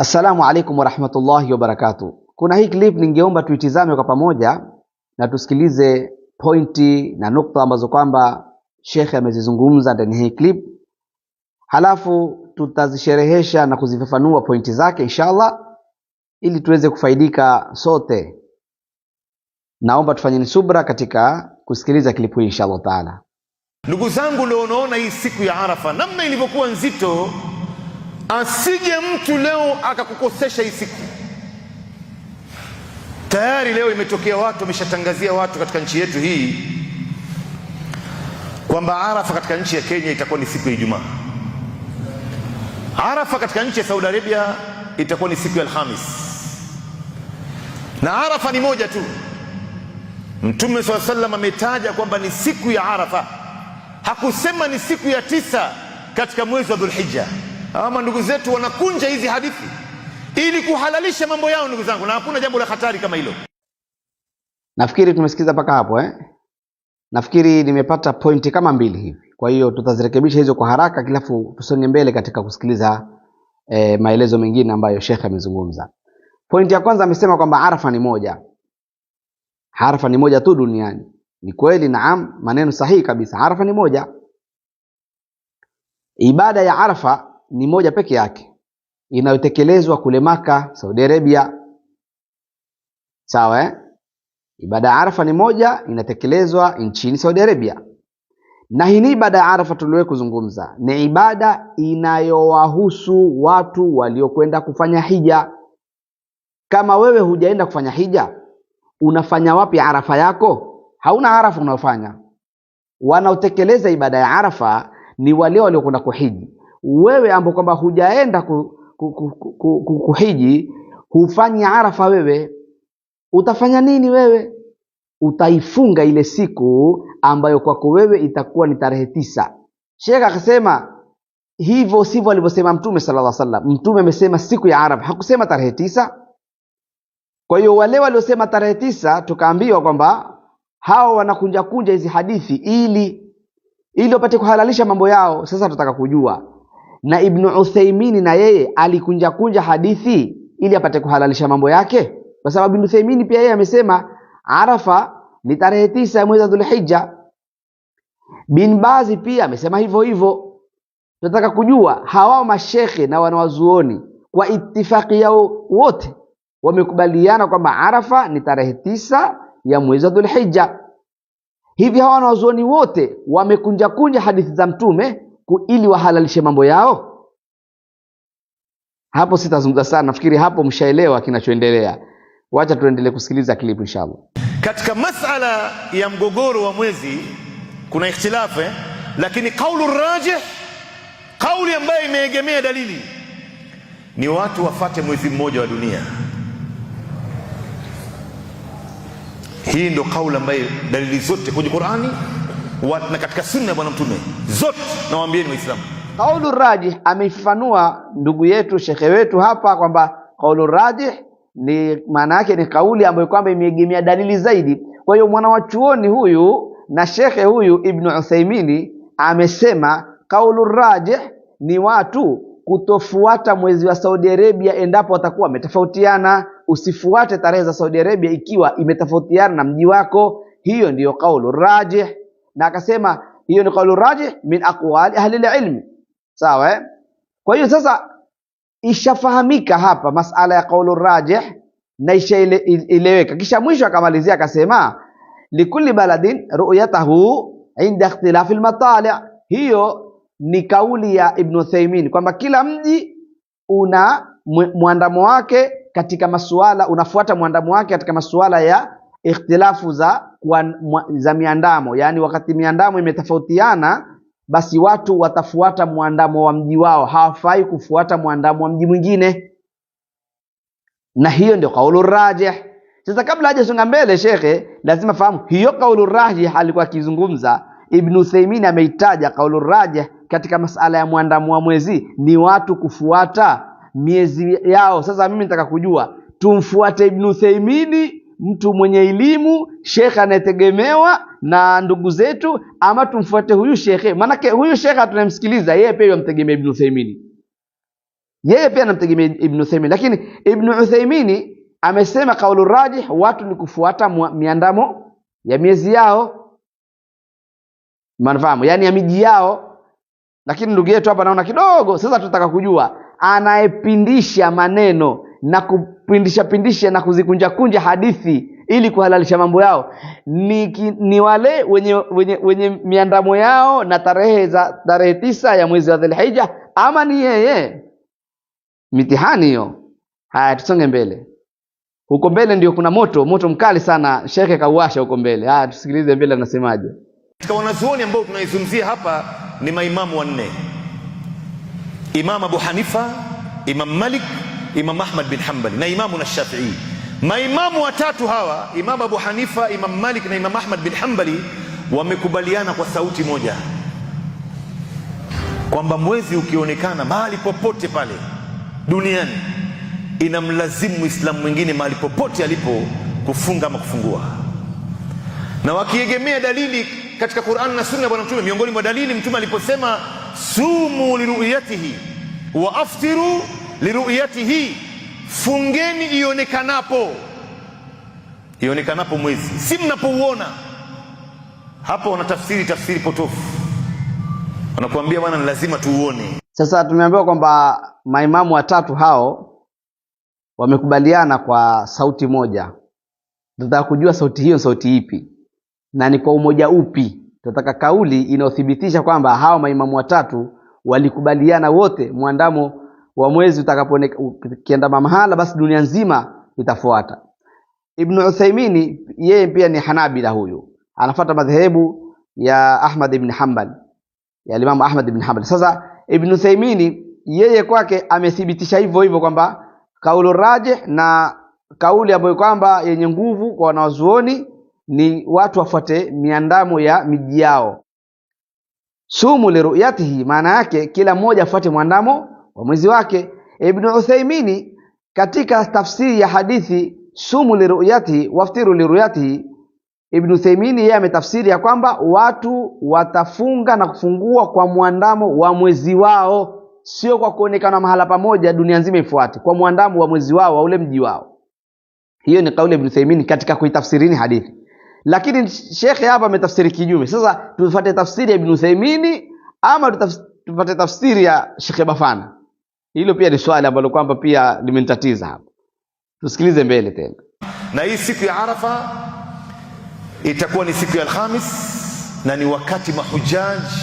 Assalamu alaikum warahmatullahi wabarakatu. Kuna hii clip ningeomba tuitizame kwa pamoja na tusikilize pointi na nukta ambazo kwamba shekhe amezizungumza ndani hii clip, halafu tutazisherehesha na kuzifafanua pointi zake inshallah, ili tuweze kufaidika sote. Naomba tufanyeni subra katika kusikiliza klipu hii inshallah taala. Ndugu zangu, leo unaona hii siku ya Arafa namna ilivyokuwa nzito Asije mtu leo akakukosesha hii siku. Tayari leo imetokea watu wameshatangazia watu katika nchi yetu hii kwamba Arafa katika nchi ya Kenya itakuwa ni siku ya Ijumaa. Arafa katika nchi ya Saudi Arabia itakuwa ni siku ya Alhamis, na Arafa ni moja tu. Mtume swalla sallam ametaja kwamba ni siku ya Arafa, hakusema ni siku ya tisa katika mwezi wa Dhulhijja ama ndugu zetu wanakunja hizi hadithi ili kuhalalisha mambo yao, ndugu zangu, na hakuna jambo la hatari kama hilo. Nafikiri tumesikiza mpaka hapo eh? Nafikiri nimepata pointi kama mbili hivi, kwa hiyo tutazirekebisha hizo kwa haraka, kilafu tusonge mbele katika kusikiliza eh, maelezo mengine ambayo shekhe amezungumza. Pointi ya kwanza amesema kwamba arafa ni moja, arafa ni moja tu duniani. Ni kweli, naam, maneno sahihi kabisa. Arafa ni moja, ibada ya arafa ni moja peke yake inayotekelezwa kule Maka, Saudi Arabia. Sawa eh? Ibada ya Arafa ni moja inatekelezwa nchini Saudi Arabia, na hii ni ibada ya Arafa tuliwahi kuzungumza, ni ibada inayowahusu watu waliokwenda kufanya hija. Kama wewe hujaenda kufanya hija, unafanya wapi Arafa yako? Hauna Arafa unayofanya. Wanaotekeleza ibada ya Arafa ni wale waliokwenda kuhiji wewe ambao kwamba hujaenda ku, ku, ku, ku, ku, ku, kuhiji hufanyi arafa wewe utafanya nini wewe utaifunga ile siku ambayo kwako wewe itakuwa ni tarehe tisa shekh akasema hivyo sivyo alivyosema mtume sallallahu alaihi wasallam mtume amesema siku ya arafa hakusema tarehe tisa kwa hiyo wale waliosema tarehe tisa tukaambiwa kwamba hawa wanakunjakunja hizi hadithi ili ili wapate kuhalalisha mambo yao sasa tutaka kujua na Ibnu Uthaimini na yeye alikunjakunja hadithi ili apate kuhalalisha mambo yake, kwa sababu Ibnu Uthaimini pia yeye amesema Arafa ni tarehe tisa ya mwezi wa Dhulhijja. Bin Bazi pia amesema hivyo hivyo. Tunataka kujua hawa mashekhe na wanawazuoni kwa itifaki yao wote wamekubaliana kwamba Arafa ni tarehe tisa ya mwezi wa Dhulhijja. Hivi hawa wanawazuoni wote wamekunjakunja hadithi za Mtume ili wahalalishe mambo yao? Hapo sitazungumza sana, nafikiri hapo mshaelewa kinachoendelea. Wacha tuendelee kusikiliza clip inshallah. Katika masala ya mgogoro wa mwezi kuna ikhtilafu, eh? lakini kaulu rajih, kauli ambayo imeegemea dalili ni watu wafate mwezi mmoja wa dunia. Hii ndo kauli ambayo dalili zote kwenye Qur'ani na katika sunna ya Bwana Mtume zote, nawaambieni Waislamu. Kaulu rajih ameifafanua ndugu yetu shekhe wetu hapa kwamba kaulu rajih ni maana yake ni kauli ambayo kwamba imeegemea dalili zaidi. Kwa hiyo mwanawachuoni huyu na shekhe huyu Ibnu utheimini amesema kaulu rajih ni watu kutofuata mwezi wa Saudi Arabia endapo watakuwa wametofautiana. Usifuate tarehe za Saudi Arabia ikiwa imetofautiana na mji wako. Hiyo ndiyo kaulu rajih na akasema hiyo ni qaulu rajih min aqwali ahli alilm. Sawa eh? Kwa hiyo sasa ishafahamika hapa masala ya kaulu rajih na ishaeleweka. Kisha mwisho akamalizia akasema likulli baladin ru'yatahu inda ikhtilafi almatali'. Hiyo ni kauli ya Ibn Uthaymeen kwamba kila mji una mwandamo wake katika masuala, unafuata mwandamo wake katika masuala ya ikhtilafu za, za miandamo, yani wakati miandamo imetofautiana, basi watu watafuata mwandamo wa mji wao, hawafai kufuata mwandamo wa mji mwingine, na hiyo ndio kaulu rajih. Sasa kabla hajasonga mbele, shekhe, lazima fahamu hiyo kaulu rajih alikuwa akizungumza Ibn Uthaymeen ameitaja kaulu rajih katika masala ya mwandamo wa mwezi ni watu kufuata miezi yao. Sasa mimi nitaka kujua tumfuate Ibn Uthaymeen mtu mwenye elimu, shekhe anayetegemewa na ndugu zetu, ama tumfuate huyu shekhe? Maanake huyu shekhe tunamsikiliza yeye pia yamtegemea Ibn Uthaymeen, yeye pia anamtegemea Ibn Uthaymeen, lakini Ibn Uthaymeen amesema kaulu rajih, watu ni kufuata miandamo ya miezi yao, mnafahamu, yani ya miji yao. Lakini ndugu yetu hapa naona kidogo sasa, tutataka kujua anayepindisha maneno na kupindisha pindisha na kuzikunjakunja hadithi ili kuhalalisha mambo yao ni, ki, ni wale wenye, wenye, wenye miandamo yao na tarehe za tarehe tisa ya mwezi wa Dhulhijja, ama ni yeye mitihani hiyo. Haya, tusonge mbele. Huko mbele ndio kuna moto moto mkali sana, shekhe kauwasha huko mbele. Haya, tusikilize mbele anasemaje. Katika wanazuoni ambao tunaizungumzia hapa ni maimamu wanne: Imam Abu Hanifa, Imam Malik Imam Ahmad bin Hanbali na Imamu na Shafi'i. Maimamu watatu hawa, Imamu Abu Hanifa, Imamu Malik na Imamu Ahmad bin Hanbali, wamekubaliana kwa sauti moja kwamba mwezi ukionekana mahali popote pale duniani inamlazimu Muislamu mwingine mahali popote alipo kufunga ama kufungua, na wakiegemea dalili katika Qur'an na Sunna bwana Mtume. Miongoni mwa dalili Mtume aliposema sumu liruyatihi wa aftiru liruyati hii, fungeni ionekanapo, ionekanapo mwezi, si mnapouona. Hapo wanatafsiri tafsiri potofu, wanakuambia bwana, ni lazima tuuone. Sasa tumeambiwa kwamba maimamu watatu hao wamekubaliana kwa sauti moja. Tunataka kujua sauti hiyo ni sauti ipi na ni kwa umoja upi? Tunataka kauli inayothibitisha kwamba hao maimamu watatu walikubaliana wote mwandamo wa mwezi utakapokienda mahala, basi dunia nzima itafuata. Ibn Uthaymeen yeye pia ni Hanabila, huyu anafuata madhehebu ya Ahmad ibn Hanbal, ya Imam Ahmad ibn Hanbal. Sasa Ibn Uthaymeen yeye kwake amethibitisha hivyo hivyo kwamba kaulu rajih na kauli ambayo kwamba yenye nguvu kwa wanawazuoni ni watu wafuate miandamo ya miji yao. Sumu liruyatihi, maana yake kila mmoja afuate mwandamo wa mwezi wake. Ibn Uthaymeen katika tafsiri ya hadithi sumu liruyatihi waftiru liruyatihi, Ibn Uthaymeen yeye ametafsiri ya kwamba watu watafunga na kufungua kwa mwandamo wa mwezi wao, sio kwa kuonekana mahala pamoja dunia nzima ifuate, kwa mwandamo wa mwezi wao wa ule mji wao. Hiyo ni kauli ya Ibn Uthaymeen katika kuitafsirini hadithi, lakini shekhe hapa ametafsiri kinyume. Sasa tufuate tafsiri ya Ibn Uthaymeen ama tufuate tafsiri ya Sheikh Bafana? Hilo pia ni swali ambalo kwamba pia limenitatiza hapo. Tusikilize mbele tena. Na hii siku ya Arafa itakuwa ni siku ya Alhamis na ni wakati mahujaji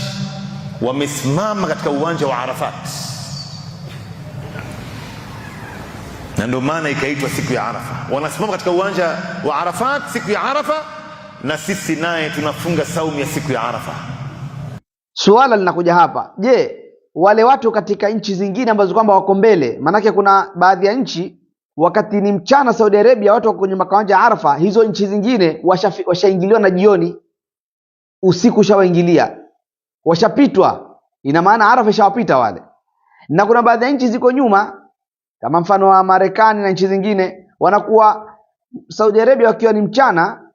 wamesimama katika uwanja wa Arafat, na ndio maana ikaitwa siku ya Arafa. Wanasimama katika uwanja wa Arafat siku ya Arafa, na sisi naye tunafunga saumu ya siku ya Arafa. Suala linakuja hapa, je, wale watu katika nchi zingine ambazo kwamba wako mbele. Maanake kuna baadhi ya nchi wakati ni mchana Saudi Arabia, watu wako kwenye makawanja ya Arafa, hizo nchi zingine washaingiliwa washa na jioni, usiku ushawaingilia, washapitwa. Ina maana Arafa ishawapita wale, na kuna baadhi ya nchi ziko nyuma, kama mfano wa Marekani na nchi zingine, wanakuwa Saudi Arabia wakiwa ni mchana,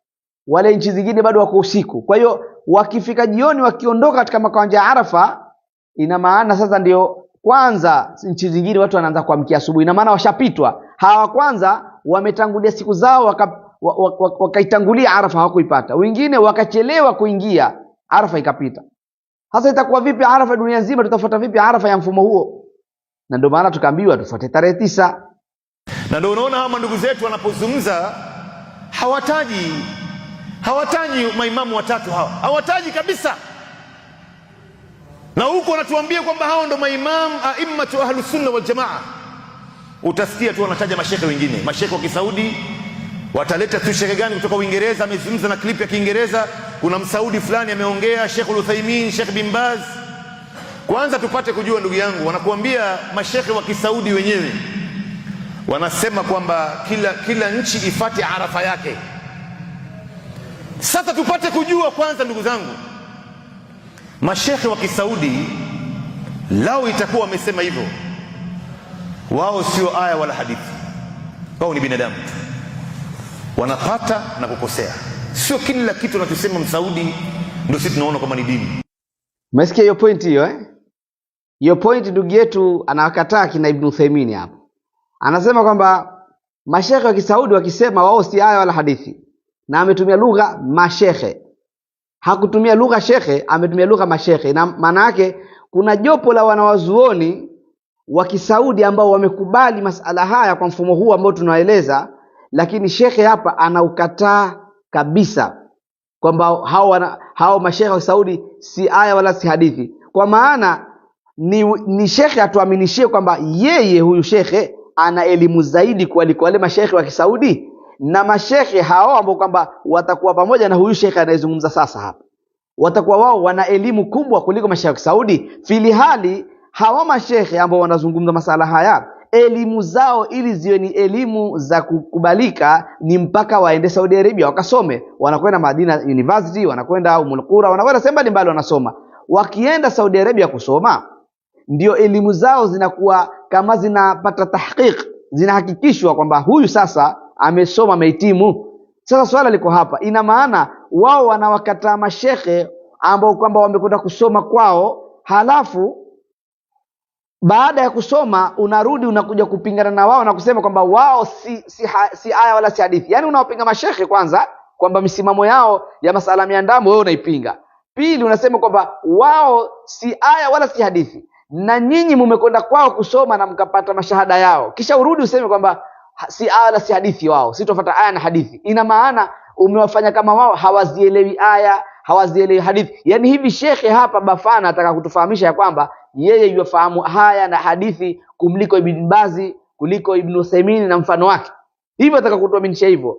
wale nchi zingine bado wako usiku. Kwa hiyo wakifika jioni, wakiondoka katika makawanja ya Arafa Ina maana sasa ndio kwanza nchi zingine watu wanaanza kuamkia asubuhi, ina maana washapitwa hawa. Kwanza wametangulia siku zao wakaitangulia waka, waka Arafa hawakuipata, wengine wakachelewa kuingia Arafa ikapita. Sasa itakuwa vipi Arafa dunia nzima? Tutafuata vipi Arafa ya mfumo huo? Na ndio maana tukaambiwa tufuate tarehe tisa, na ndio unaona hawa ndugu zetu wanapozungumza hawataji hawataji maimamu watatu hawa hawataji kabisa na huko wanatuambia kwamba hao ndo maimamu aimmatu ahlusunna waljamaa. Utasikia tu wanataja mashekhe wengine, mashekhe wa Kisaudi wataleta tu shekhe gani kutoka Uingereza amezungumza na klipu ya Kiingereza, kuna msaudi fulani ameongea, Shekh Luthaimin, Shekh bin Baz. Kwanza tupate kujua, ndugu yangu, wanakuambia mashekhe wa Kisaudi wenyewe wanasema kwamba kila, kila nchi ifate arafa yake. Sasa tupate kujua kwanza, ndugu zangu Mashekhe wa Kisaudi lao itakuwa wamesema hivyo, wao sio aya wala hadithi, wao ni binadamu wanapata na kukosea. Sio kila kitu anachosema Msaudi ndio sisi tunaona kama ni dini. Umesikia hiyo pointi hiyo eh? Hiyo pointi ndugu yetu anawakataa kina Ibn Uthaymeen hapo, anasema kwamba mashekhe wa Kisaudi wakisema wao si aya wala hadithi, na ametumia lugha mashekhe hakutumia lugha shekhe, ametumia lugha mashekhe, na maana yake kuna jopo la wanawazuoni wa Kisaudi ambao wamekubali masala haya kwa mfumo huu ambao tunaeleza, lakini shekhe hapa anaukataa kabisa kwamba hao, hao mashekhe wa Kisaudi si aya wala si hadithi, kwa maana ni, ni shekhe atuaminishie kwamba yeye huyu shekhe ana elimu zaidi kuliko wale mashekhe wa Kisaudi na mashekhe hao ambao kwamba watakuwa pamoja na huyu shekhe anayezungumza sasa hapa, watakuwa wao wana elimu kubwa kuliko mashekhe Saudi, filihali hawa mashekhe ambao wanazungumza masala haya elimu zao ili ziwe ni elimu za kukubalika ni mpaka waende Saudi Arabia wakasome. Wanakwenda Madina University, wanakwenda Umul Qura, wanakwenda sehemu mbalimbali wanasoma. Wakienda Saudi Arabia kusoma, ndio elimu zao zinakuwa kama zinapata tahqiq, zinahakikishwa kwamba huyu sasa amesoma, amehitimu. Sasa swala liko hapa, ina maana wao wanawakataa mashehe ambao kwamba wamekwenda kusoma kwao, halafu baada ya kusoma unarudi unakuja kupingana na wao na kusema kwamba wao si, si, si aya wala si hadithi. Yaani unawapinga mashehe kwanza, kwamba misimamo yao ya masala miandamo wewe unaipinga. Pili, unasema kwamba wao si aya wala si hadithi, na nyinyi mumekwenda kwao kusoma na mkapata mashahada yao, kisha urudi useme kwamba si aya wala si hadithi wao, si sitofuata aya na hadithi. Ina maana umewafanya kama wao hawazielewi aya, hawazielewi hadithi. Yani hivi shekhe hapa Bafana ataka kutufahamisha ya kwamba yeye yuwafahamu haya na hadithi kumliko Ibn Bazi, kuliko Ibn Uthaymeen na mfano wake. Hivyo ataka kutuaminisha hivyo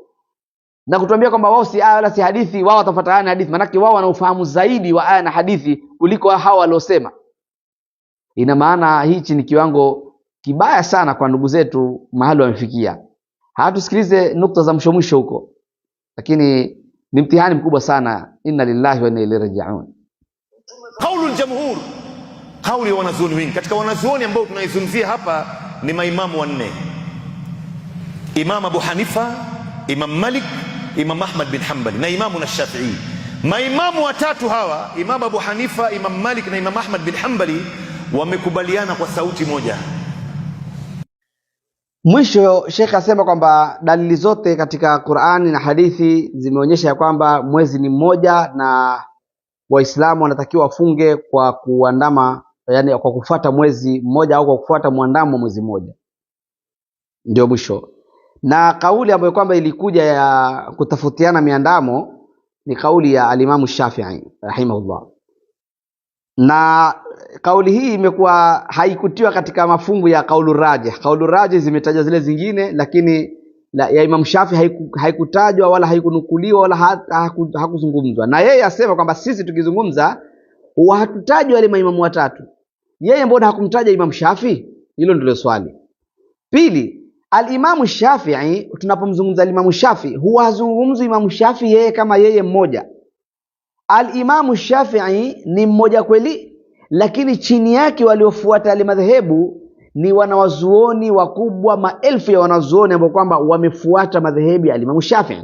na kutuambia kwamba wao si aya wala si hadithi, wao watafuata aya na hadithi, maanake wao wana ufahamu zaidi wa aya na hadithi kuliko hao waliosema. Ina maana hichi ni kiwango kibaya sana kwa ndugu zetu mahali wamefikia. Hatusikilize nukta za mwisho mwisho huko, lakini ni mtihani mkubwa sana. Inna lillahi wa inna ilaihi rajiun. Kaulul jamhur, kauli ya wanazuoni wengi. Katika wanazuoni ambao tunaizungumzia hapa ni maimamu wanne: Imam Abu Hanifa, Imam Malik, Imam Ahmad bin Hanbali na Imamu na Shafi'i. Maimamu watatu hawa, Imam Abu Hanifa, Imam Malik na Imam Ahmad bin Hanbali, wamekubaliana kwa sauti moja Mwisho Sheikh asema kwamba dalili zote katika Qur'ani na hadithi zimeonyesha ya kwamba mwezi ni mmoja na Waislamu wanatakiwa wafunge kwa kuandama, yani kwa kufuata mwezi mmoja au kwa kufuata mwandamo mwezi mmoja. Ndio mwisho. Na kauli ambayo kwamba ilikuja ya kutafutiana miandamo ni kauli ya alimamu Shafi'i rahimahullah na kauli hii imekuwa haikutiwa katika mafungu ya kaulu rajih. Kaulu rajih zimetajwa zile zingine, lakini la, ya Imam Shafi haiku, haikutajwa wala haikunukuliwa wala hakuzungumzwa haku, haku na yeye asema kwamba sisi tukizungumza huwa hatutaji wale maimamu watatu. Yeye mbona hakumtaja Imam Shafi? Hilo ndilo swali. Pili, Alimamu Shafii tunapomzungumza Alimamu Shafi huwa hazungumzi Imamu Shafi yeye kama yeye mmoja Alimamu Shafii ni mmoja kweli, lakini chini yake waliofuata madhehebu ni wanawazuoni wakubwa, maelfu ya wanazuoni ambao kwamba wamefuata madhehebu ya alimamu Shafii.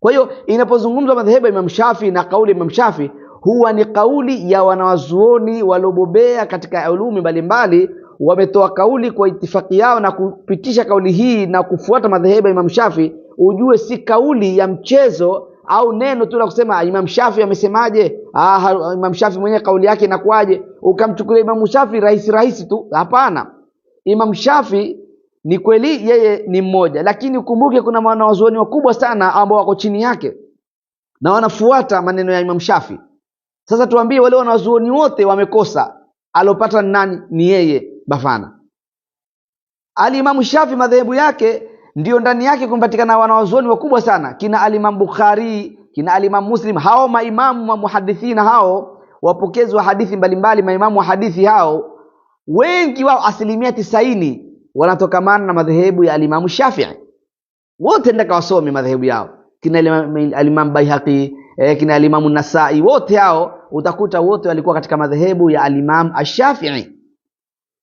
Kwa hiyo inapozungumzwa madhehebu ya Imam Shafii na kauli ya Imam Shafii huwa ni kauli ya wanawazuoni waliobobea katika ulumi mbalimbali, wametoa kauli kwa itifaki yao na kupitisha kauli hii na kufuata madhehebu ya Imam Shafii. Ujue si kauli ya mchezo au neno tu la kusema Imam Shafi amesemaje, ah, Imam Shafi mwenyewe kauli yake inakuwaje, ukamchukulia Imam Shafi rahisi rahisi tu? Hapana, Imam Shafi ni kweli yeye ni mmoja, lakini ukumbuke kuna wanawazuoni wakubwa sana ambao wako chini yake na wanafuata maneno ya Imam Shafi. Sasa tuambie, wale wanawazuoni wote wamekosa, alopata nani? Ni yeye Bafana. Alimamu Shafi madhehebu yake ndio ndani yake kumpatikana wanawazuoni wakubwa sana kina alimam Bukhari, kina alimam Muslim, hao maimamu wa muhadithina, hao wapokezi wa hadithi mbalimbali, maimamu wa hadithi hao wengi wao asilimia tisaini wanatokamana na madhehebu ya alimamu Shafii. Wote ndaka wasome madhehebu yao kina alimam Baihaqi eh, kina alimamu Nasai, wote hao utakuta wote walikuwa katika madhehebu ya alimamu Ashafii.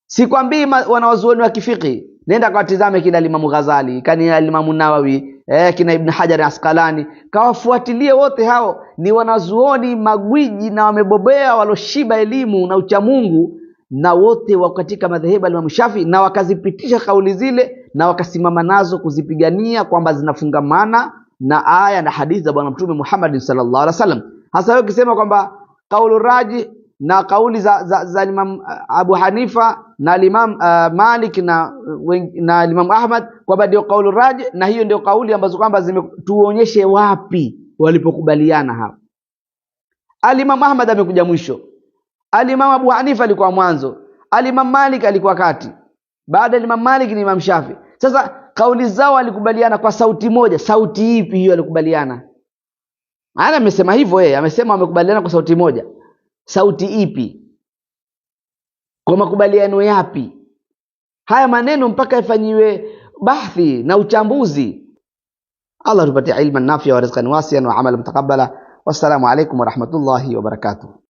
Sikwambii wanawazuoni wa kifiki Nenda kawatizame kina Limamu Ghazali, kani limamu Nawawi, eh, kina Ibn Hajar Asqalani, kawafuatilie wote hao. Ni wanazuoni magwiji na wamebobea waloshiba elimu na uchamungu, na wote wa katika madhehebu ya Alimamu Shafi, na wakazipitisha kauli zile na wakasimama nazo kuzipigania kwamba zinafungamana na aya na hadithi za Bwana Mtume Muhammad sallallahu alaihi wasallam. Hasa wewe ukisema kwamba kaulu raji na kauli za, za, za Imam eh, Abu Hanifa na Imam uh, Malik na, eh, na Imam Ahmad kwamba ndio kauli raji, na hiyo ndio kauli ambazo kwamba zimetuonyeshe wapi walipokubaliana hapo. Alimam Ahmad amekuja mwisho, Alimam Abu Hanifa alikuwa mwanzo, Alimam Malik alikuwa kati, baada ya Imam Malik ni Imam Shafi. Sasa kauli zao walikubaliana kwa sauti moja. Sauti ipi hiyo? Alikubaliana ana amesema hivyo yeye, amesema wamekubaliana kwa sauti moja sauti ipi, kwa makubaliano yapi? Haya maneno mpaka yafanyiwe bahthi na uchambuzi. Allah tupatie ilman nafia wa rizqan wasian wa amal mutaqabbala. Wassalamu alaikum warahmatullahi wabarakatuh.